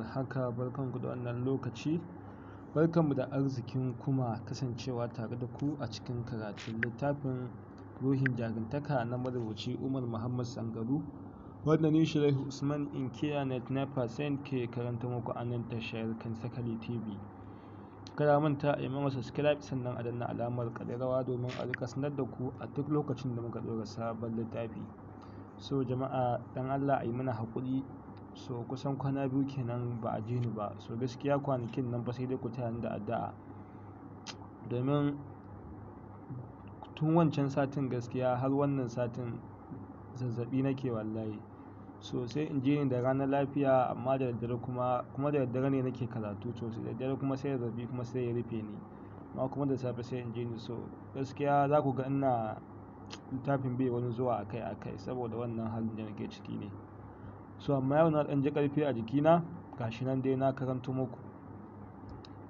barkan barkanku da wannan lokaci, barkanmu da arzikin kuma kasancewa tare da ku a cikin karatun littafin Ruhin Jarintaka na marubuci Umar Muhammad Sangaru, wanda ni shirai Usman Inkiya percent ke karanta muku a nan tashar Kansakali TV. Kada manta a yi mana subscribe sannan a danna alamar ƙararrawa domin a rika sanar da ku a duk lokacin da muka dora sabon littafi. So jama'a dan Allah a yi mana haƙuri So kusan kwana biyu kenan ba a ji ni ba. So gaskiya kwanakin nan ba sai dai ku taya ni da addu'a. Domin tun wancan satin gaskiya har wannan satin zazzaɓi nake wallahi. So sai in je ni da rana lafiya amma da daddare kuma, kuma da daddare ne nake karatu sosai. Da daddare kuma sai zazzabi kuma sai ya rufe ni. Amma kuma da safe sai in je ni. So gaskiya za ku ga ina littafin bai wani zuwa akai akai saboda wannan halin da nake ciki ne. su amma yau na ɗan ji ƙarfi a jikina gashi nan dai na karanto muku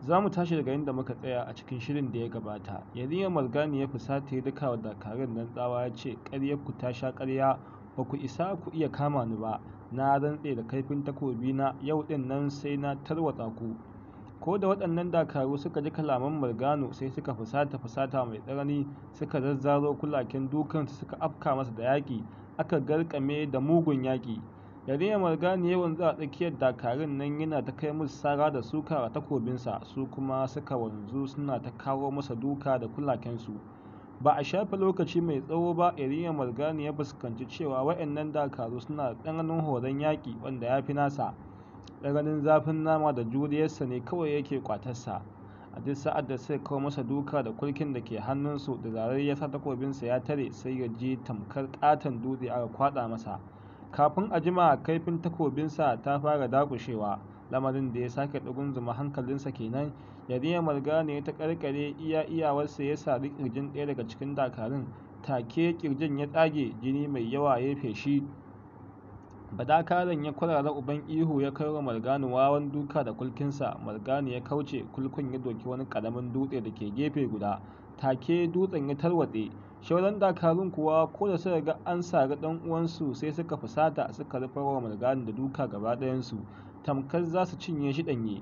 za mu tashi daga inda muka tsaya a cikin shirin da ya gabata yarinya margani ya fusata ya duka wa dakarun nan tsawa ya ce ku ta sha ƙarya ba ku isa ku iya kama ni ba na rantse da kaifin takobi na yau ɗin nan sai na tarwatsa ku ko da waɗannan dakaru suka ji kalaman margano sai suka fusata fusata mai tsanani suka zazzaro kulaken dukansu suka afka masa da yaƙi aka garkame da mugun yaƙi yarima margani ya wanzu a tsakiyar dakarun nan yana ta kai musu sara da suka a takobinsa su kuma suka wanzu suna ta kawo masa duka da kulakensu ba a shafe lokaci mai tsawo ba yarima margani ya fuskanci cewa waɗannan dakaru suna da tsananin horon yaƙi wanda ya fi nasa tsananin zafin nama da juriyarsa ne kawai yake kwatarsa a duk sa'ad da sai kawo masa duka da kulkin da ke hannunsu da zarar ya sa takobinsa ya tare sai ya ji tamkar katon dutse aka kwada masa kafin a jima kaifin takobinsa ta fara dakushewa lamarin da ya sake ɗugunzuma hankalinsa kenan yariya ya ta karkare iya iyawarsa ya sari ƙirjin ɗaya daga cikin dakarun take ƙirjin ya tsage jini mai yawa ya feshi badakaran ya kwarara uban ihu ya kai wa marganu wawan duka da kulkinsa marganu ya kauce kulkun ya doki wani karamin dutse da ke gefe guda take dutsen ya tarwatse shauran dakarun kuwa ko da suka ga an sari ɗan uwansu sai suka fusata suka rufe wa margani da duka gaba ɗayansu tamkar za su cinye shi ɗanye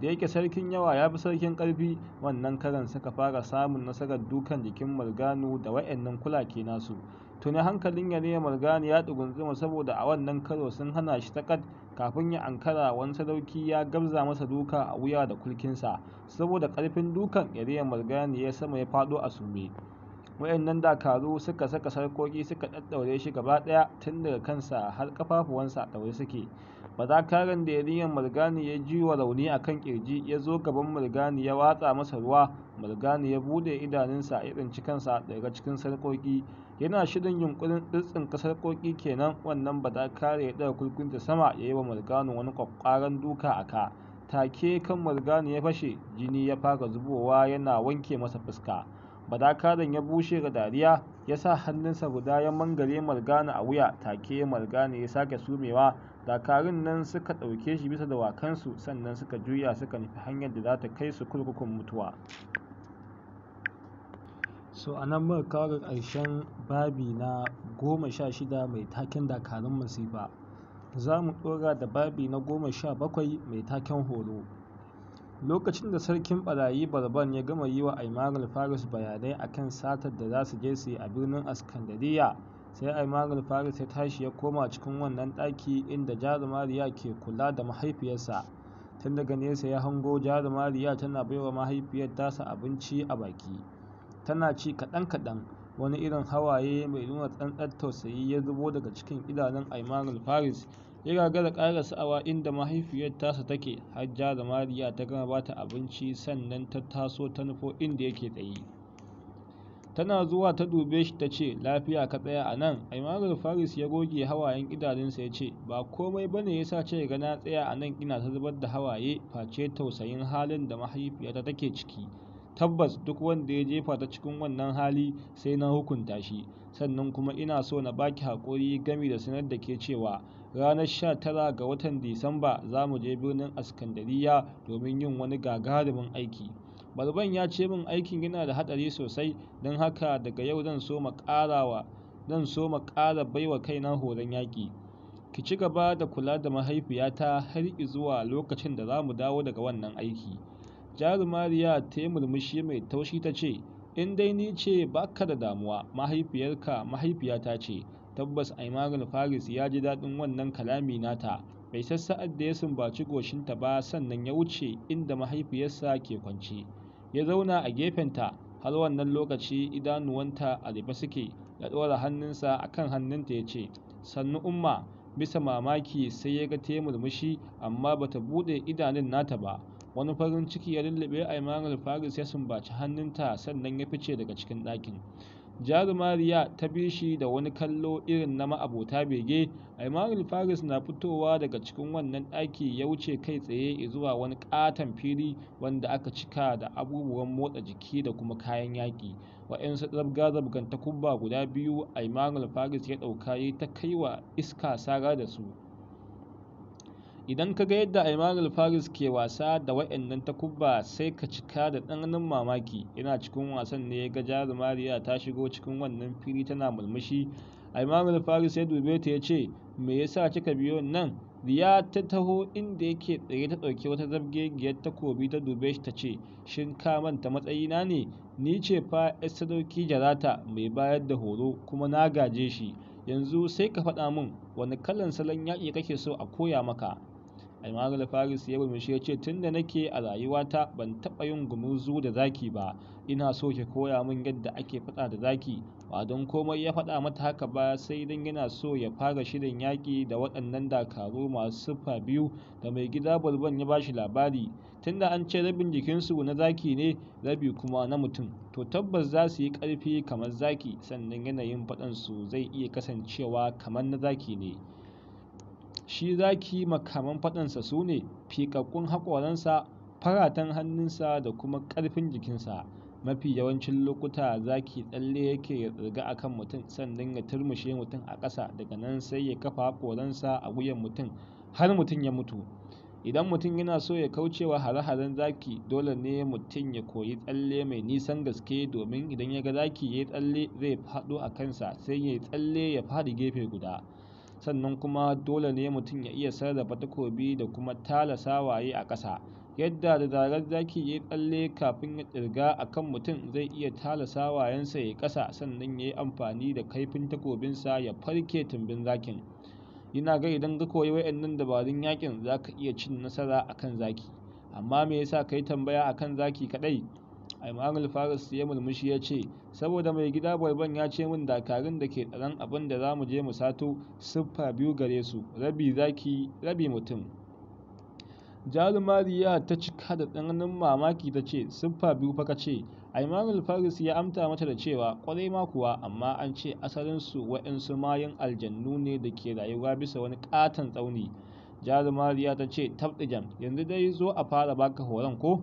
da yake sarkin yawa ya fi sarkin ƙarfi wannan karan suka fara samun nasarar dukan jikin marganu da wa'annan kulake nasu tuni hankalin yare margani ya dugunzuma saboda a wannan karo sun hana shi takat kafin ya ankara wani sadauki ya gabza masa duka a wuya da kulkinsa saboda ƙarfin dukan iriyar ya sama ya faɗo a sume wayannan dakaru suka saka sarkoki suka ɗaɗɗaure shi gaba ɗaya tun daga kansa har ƙafafuwansa a ɗaure suke Mazakaran da yarinyar Murgani ya ji wa rauni a kan ƙirji ya zo gaban Murgani ya watsa masa ruwa, Murgani ya bude idanunsa ya tsinci kansa daga cikin sarkoki yana shirin yunkurin tsintsinka sarkoki kenan wannan Bazakare ya daga kurfinta sama ya yi wa Murgani wani kwakwaran duka a ka, take kan Murgani ya fashe, jini ya fara zubowa yana wanke masa fuska. Badakaren ya bushe ga dariya, ya sa hannunsa guda ya mangare Murgani a wuya, take Murgani ya sake sumewa dakarun nan suka ɗauke shi bisa dawakansu sannan suka juya suka nufi hanyar da za ta kai su kurkukun mutuwa so a nan muka kawo ƙarshen babi na goma sha shida mai taken dakarun masifa za mu ɗora da babi na goma sha bakwai mai taken horo lokacin da sarkin ɓarayi barban ya gama yi wa aimarul faris bayanai akan satar da za su je su yi a birnin askandariya sai maganin faris ya tashi ya koma cikin wannan ɗaki inda jarumariya ke kula da mahaifiyarsa tun daga nesa ya hango jarumariya tana baiwa mahaifiyar tasa abinci a baki tana ci kaɗan kaɗan wani irin hawaye mai nuna tsantsar tausayi ya zubo daga cikin idanun aimanul faris ya gagara ƙara sa'awa inda mahaifiyar tasa take har jarumariya ta gama bata abinci sannan ta taso ta nufo inda yake tsaye tana zuwa ta dube shi ta ce lafiya ka tsaya a nan aimarar faris ya goge hawayen idanunsa ya ce ba komai ba ne ya sa ce ga na tsaya a nan ina ta zubar da hawaye face tausayin halin da mahaifiyata take ciki tabbas duk wanda ya jefa ta cikin wannan hali sai na hukunta shi sannan kuma ina so na baki haƙuri gami da sanar da ke cewa ranar sha tara ga watan disamba za mu je birnin askandariya domin yin wani gagarumin aiki Barban ya ce min aikin yana da hadari sosai don haka daga yau zan so ma karawa zan so ma ƙara baiwa kaina horon yaki Ki ci gaba da kula da mahaifiyata har zuwa lokacin da za mu dawo daga wannan aiki. Jarumariya ta yi murmushi mai taushi ta ce, In dai ni ce ba ka da damuwa, mahaifiyarka mahaifiyata ce. Tabbas Aimarul Faris ya ji daɗin wannan kalami nata. Bai san da ya sumbaci goshinta ba sannan ya wuce inda mahaifiyarsa ke kwance. ya zauna a gefenta har wannan lokaci idanuwanta a rufe suke ya ɗora hannunsa a kan hannunta ya ce sannu umma bisa mamaki sai ya ga ta yi murmushi amma bata buɗe idanun nata ba wani farin ciki ya lullube aimanar faris ya sumbaci hannunta sannan ya fice daga cikin ɗakin Jarumariya ta bi shi da wani kallo irin na ma'abota bege Aimarul Faris na fitowa daga cikin wannan ɗaki ya wuce kai tsaye zuwa wani ƙaton fili wanda aka cika da abubuwan motsa jiki da kuma kayan yaƙi waɗansu zabga-zabgan takubba guda biyu Aimarul Faris ya ɗauka ya ta kai wa iska sara da su. idan ka ga yadda Aimarul Faris ke wasa da waɗannan takubba sai ka cika da ɗanganin mamaki yana cikin wasan ne ya ga jarumariya ta shigo cikin wannan fili tana mulmushi Aimarul Faris ya dube ta ya ce me yasa kika biyo nan Riya ta taho inda yake tsaye ta ɗauki wata giyar takobi ta dube shi ta ce, Shin ka manta matsayina ne, ni ce fa ‘yar sadauki jarata mai bayar da horo kuma na gaje shi, yanzu sai ka faɗa min wani kallon salon yaƙi kake so a koya maka, Imam Faris ya murmushi ya ce tunda nake a rayuwata ban taɓa yin gumurzu da zaki ba ina so ki koya min yadda ake fada da zaki ba don komai ya fada mata haka ba sai dan yana so ya fara shirin yaki da waɗannan dakaru masu fa biyu da mai gida bulban ya bashi labari tunda an ce rabin jikinsu na zaki ne rabi kuma na mutum to tabbas za su yi ƙarfi kamar zaki sannan yanayin faɗansu zai iya kasancewa kamar na zaki ne shi zaki makaman faɗansa su ne fiƙaƙƙun haƙoransa faratan hannunsa da kuma ƙarfin jikinsa mafi yawancin lokuta zaki tsalle yake ya tsirga a kan mutum sannan ya turmushe mutum a ƙasa daga nan sai ya kafa haƙoransa a wuyan mutum har mutum ya mutu idan mutum yana so ya kaucewa hare-haren zaki dole ne mutum ya koyi tsalle mai nisan gaske domin idan ya ga zaki ya yi tsalle zai faɗo a kansa sai ya yi tsalle ya faɗi gefe guda sannan kuma dole ne mutum ya iya sarrafa takobi da kuma tala sawaye a ƙasa yadda da zarar zaki ya tsalle kafin ya tsirga a kan mutum zai iya tala sawayensa ya ƙasa sannan ya yi amfani da kaifin takobinsa ya farke tumbin zakin yana ga idan ka koyi wa'annan dabarun yakin za ka iya cin nasara akan zaki amma me yasa ka yi tambaya akan zaki kaɗai Almarar Faris ya murmushi ya ce, Saboda mai gida Barban ya ce min dakarun da ke tsaron abin da za mu je mu sato siffa biyu gare su, rabi zaki, rabi mutum. Jarumariya ta cika da tsananin mamaki ta ce, Siffa biyu fa ka ce, Almarar Faris ya amta mata da cewa, kwarai ma kuwa, amma an ce asalinsu waɗansu mayan aljannu ne da ke rayuwa bisa wani ƙaton tsauni. Jarumariya ta ce, Tabɗijan, yanzu dai zo a fara baka horon ko?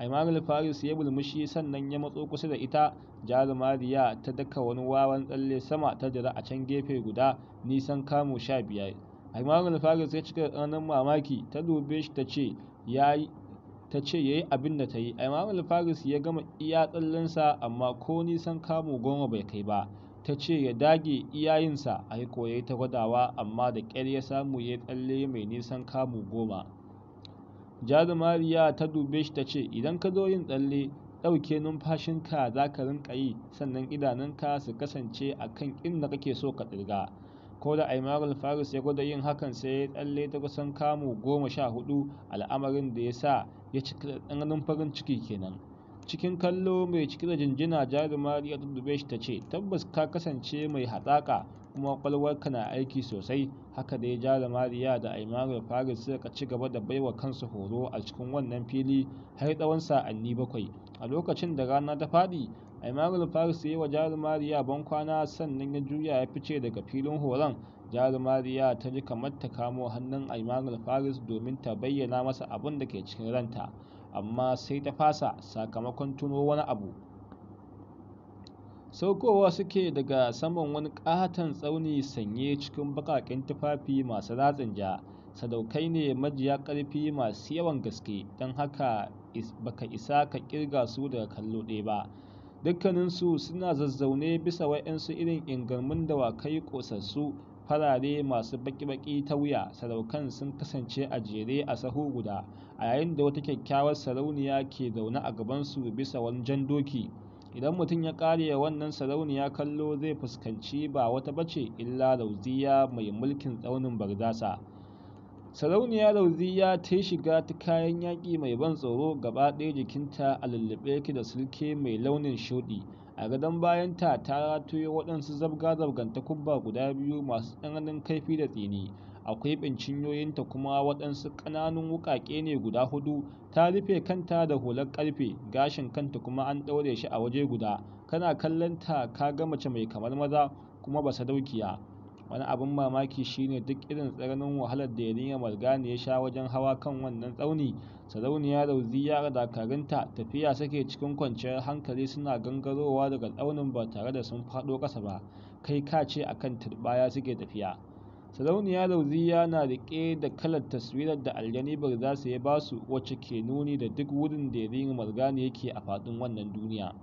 imam al-faris ya bulmushi sannan ya matso kusa da ita jarumariya ta daka wani wawan tsalle sama ta jira a can gefe guda nisan kamu sha biyar imam faris ya cika tsananin mamaki ta dube shi ta ce ya yi ta ce ya yi abin da ta yi imam al-faris ya gama iya tsallensa amma ko nisan kamu goma bai kai ba ta ce ya dage iyayinsa a yi koyai ta gwadawa amma da ƙyar ya samu ya tsalle mai nisan kamu goma Jarumariya ta dube shi ta ce, “Idan ka zo yin tsalle, ɗauke numfashinka za ka rinka yi sannan idanunka su kasance a kan inda kake so ka tsirga.” Ko da Aimarul Faris ya gwada yin hakan sai ya tsalle ta kusan kamu goma sha hudu al'amarin da ya sa ya cika da tsananin farin ciki kenan. Cikin kallo mai cike da jinjina Jarumariya ta dube shi ta ce, “Tabbas ka kasance mai hatsaka. kuma ka na aiki sosai. Haka dai Jarumariya da Aimaru faris suka ci gaba da baiwa kansu horo a cikin wannan fili har tsawon sa'anni bakwai. A lokacin da rana ta faɗi, Aimaru faris ya yi wa Jarumariya bankwana sannan ya juya ya fice daga filin horon. Jarumariya ta ji kamar ta kamo hannun Aimaru faris domin ta bayyana masa abin da ke cikin ranta, amma sai ta fasa sakamakon tuno wani abu. saukowa suke daga saman wani ƙaton tsauni sanye cikin baƙaƙen tufafi masu ratsin ja sadaukai ne majiya ƙarfi masu yawan gaske don haka baka isa ka ƙirga su daga kallo ɗaya ba dukkaninsu suna zazzaune bisa wa'yansu irin ingarmin dawakai ƙosassu farare masu baƙi-baƙi ta wuya sadaukan sun kasance a jere a sahu guda a yayin da wata kyakkyawar sarauniya ke zaune a gabansu bisa wani jan doki idan mutum ya ƙare wannan sarauniya kallo zai fuskanci ba wata bace illa rauziya mai mulkin tsaunin bardasa sarauniya rauziya ta shiga ta kayan yaƙi mai ban tsoro gaba ɗaya jikinta a lullube ki da sulke mai launin shuɗi a gadon bayanta ta rataye waɗansu zabga-zabgan takubba guda biyu masu tsananin kaifi da tsini akwai ta kuma waɗansu ƙananun wuƙaƙe ne guda hudu ta rufe kanta da hular ƙarfe gashin kanta kuma an ɗaure shi a waje guda kana kallon ta ka ga mace mai kamar maza kuma ba sadaukiya wani abin mamaki shine duk irin tsananin wahalar da yarinya margani ya sha wajen hawa kan wannan tsauni sarauniya ya dakarunta tafiya sake cikin kwanciyar hankali suna gangarowa daga tsaunin ba tare da sun faɗo ƙasa ba kai ka ce akan turbaya suke tafiya Sarauniya lauziya na riƙe da kalar taswirar da aljani su ya ba su wacce ke nuni da duk wurin da Yarima margani yake a faɗin wannan duniya.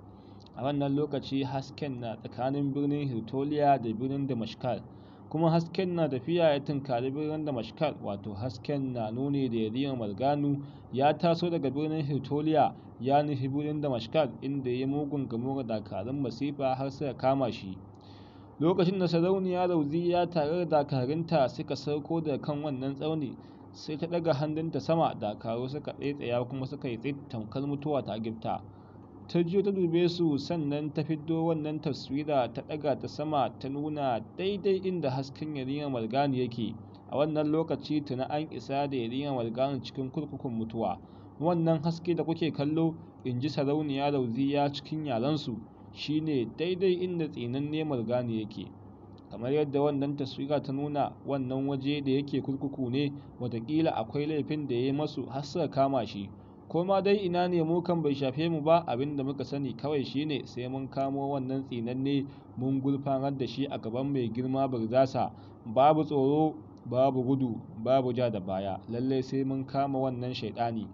A wannan lokaci hasken na tsakanin birnin Hirtoliya da birnin mashkar kuma hasken na tafiya ya tunkari birnin mashkar wato hasken na nuni da Yarima Morgana ya taso daga birnin Hirtoliya ya nufi birnin mashkar inda ya mugun gamo dakarun masifa har suka kama shi. Lokacin da sarauniya Rauziya tare da dakarunta suka sauko da kan wannan tsauni, sai ta daga hannunta sama dakaru suka tsaitsaya kuma suka yi tsit tamkar mutuwa ta gifta. Ta jiyo ta dube su sannan ta fiddo wannan taswira ta daga ta sama ta nuna daidai inda hasken yarinyar Margani yake. A wannan lokaci tuna an isa da yariya Margani cikin kurkukun mutuwa. Wannan haske da kuke kallo, in ji sarauniya Rauziya cikin yarensu. shi ne daidai inda tsinanne gani yake. Kamar yadda wannan taswira ta nuna wannan waje da yake kurkuku ne watakila akwai laifin da ya yi masu har kama shi. Koma dai ina ne mu kan bai shafe mu ba abin da muka sani kawai shi ne sai mun kamo wannan tsinanne mun gurfanar da shi a gaban mai girma Birzasa. Babu tsoro, babu gudu, babu ja da baya. Lallai sai mun kama wannan shaiɗani.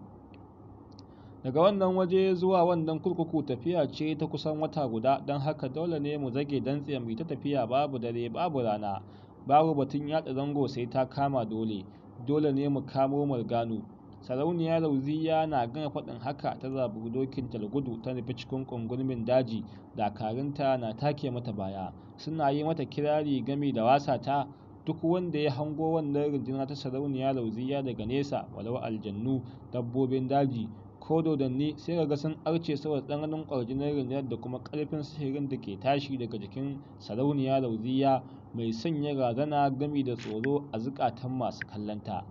daga wannan waje zuwa wannan kurkuku tafiya ce ta kusan wata guda don haka dole ne mu zage dantse mu ta tafiya babu dare babu rana babu batun yatsa zango sai ta kama dole dole ne mu kamo margano sarauniya rauziya na gana faɗin haka ta zabi dokin talgudu ta nufi cikin ƙungurmin daji dakarunta na take mata baya suna yi mata kirari gami da wasa ta duk wanda ya hango wannan rundunar ta sarauniya lauziya daga nesa walau aljannu dabbobin daji ko dodanni sai kaga sun arce saboda tsananin kwarjinar rundunar da kuma karfin sihirin da ke tashi daga jikin sarauniya lauziya mai sanya razana gami da tsoro a zukatan masu kallonta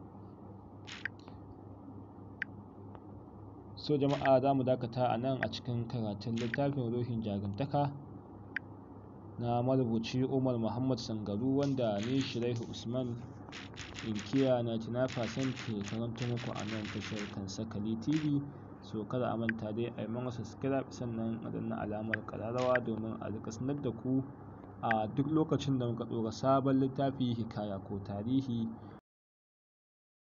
so jama'a za mu dakata a nan a cikin karatun littafin ruhin jagantaka na marubuci umar muhammad sangaru wanda ne shiraihu usman inkiya na tinafa ke karanta muku a nan tashar kansakali tv so kada a manta dai a yi mana subscribe sannan a danna alamar ƙararrawa domin a rika sanar da ku a duk lokacin da muka ɗora sabon littafi hikaya ko tarihi